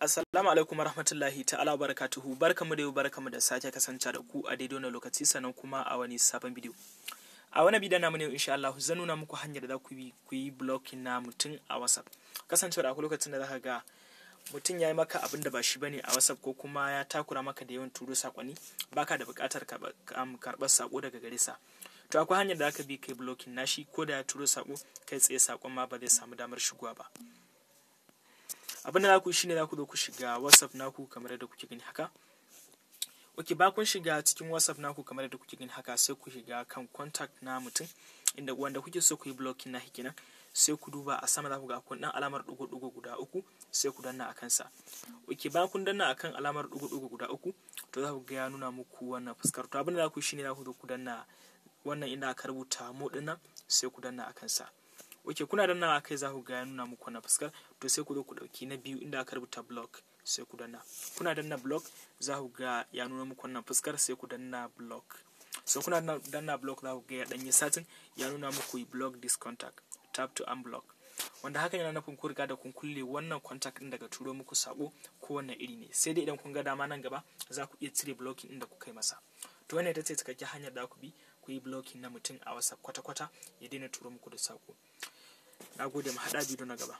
Assalamu alaikum warahmatullahi ta'ala barakatuhu barkamu da yau barkamu da sake kasance da ku a daidai wannan lokaci sannan kuma a wani sabon bidiyo. A wani bidiyo namu ne insha Allah zan nuna muku hanyar da za ku yi ku yi blocking na mutum a WhatsApp. Kasancewa akwai lokacin da za ka ga mutum ya yi maka abin da ba shi bane a WhatsApp ko kuma ya takura maka da yawan turo sakonni baka da buƙatar um, karɓar sako daga gare sa. To akwai hanyar da aka bi kai blocking shi ko da ya turo sako kai tsaye sakon ma ba zai samu damar shigowa ba. abin da za ku yi shine za ku zo ku shiga whatsapp naku kamar yadda kuke gani haka ok ba kun shiga cikin whatsapp naku kamar yadda kuke gani haka sai ku shiga kan contact na mutum inda wanda kuke so ku yi blocking na kenan sai ku duba a sama za ku ga akwai dan alamar dugo dugo guda uku sai ku danna a kansa ok ba kun danna akan alamar dugo dugo guda uku to za ku ga ya nuna muku wannan fuskar to abin da za ku yi shine za ku zo ku danna wannan inda aka rubuta mu dinnan sai ku danna a kansa ok kuna dannawa kai za ku ga ya nuna muku na fuskar to sai ku zo ku ɗauki na biyu inda aka rubuta block sai ku danna kuna danna block za ga ya nuna muku wannan fuskar sai ku danna block so kuna danna block za ku ga ya satin ya nuna muku block this contact tap to unblock wanda haka yana nufin ku riga da kun kulle wannan contact din daga turo muku sako ko wannan iri ne sai dai idan kun ga dama nan gaba za ku iya cire blocking din da kuka masa to wannan ita ce cikakken hanyar da ku bi ku yi blocking na mutum a wasa kwata-kwata ya daina turo muku da sako na gode mu haɗa bidiyo na gaba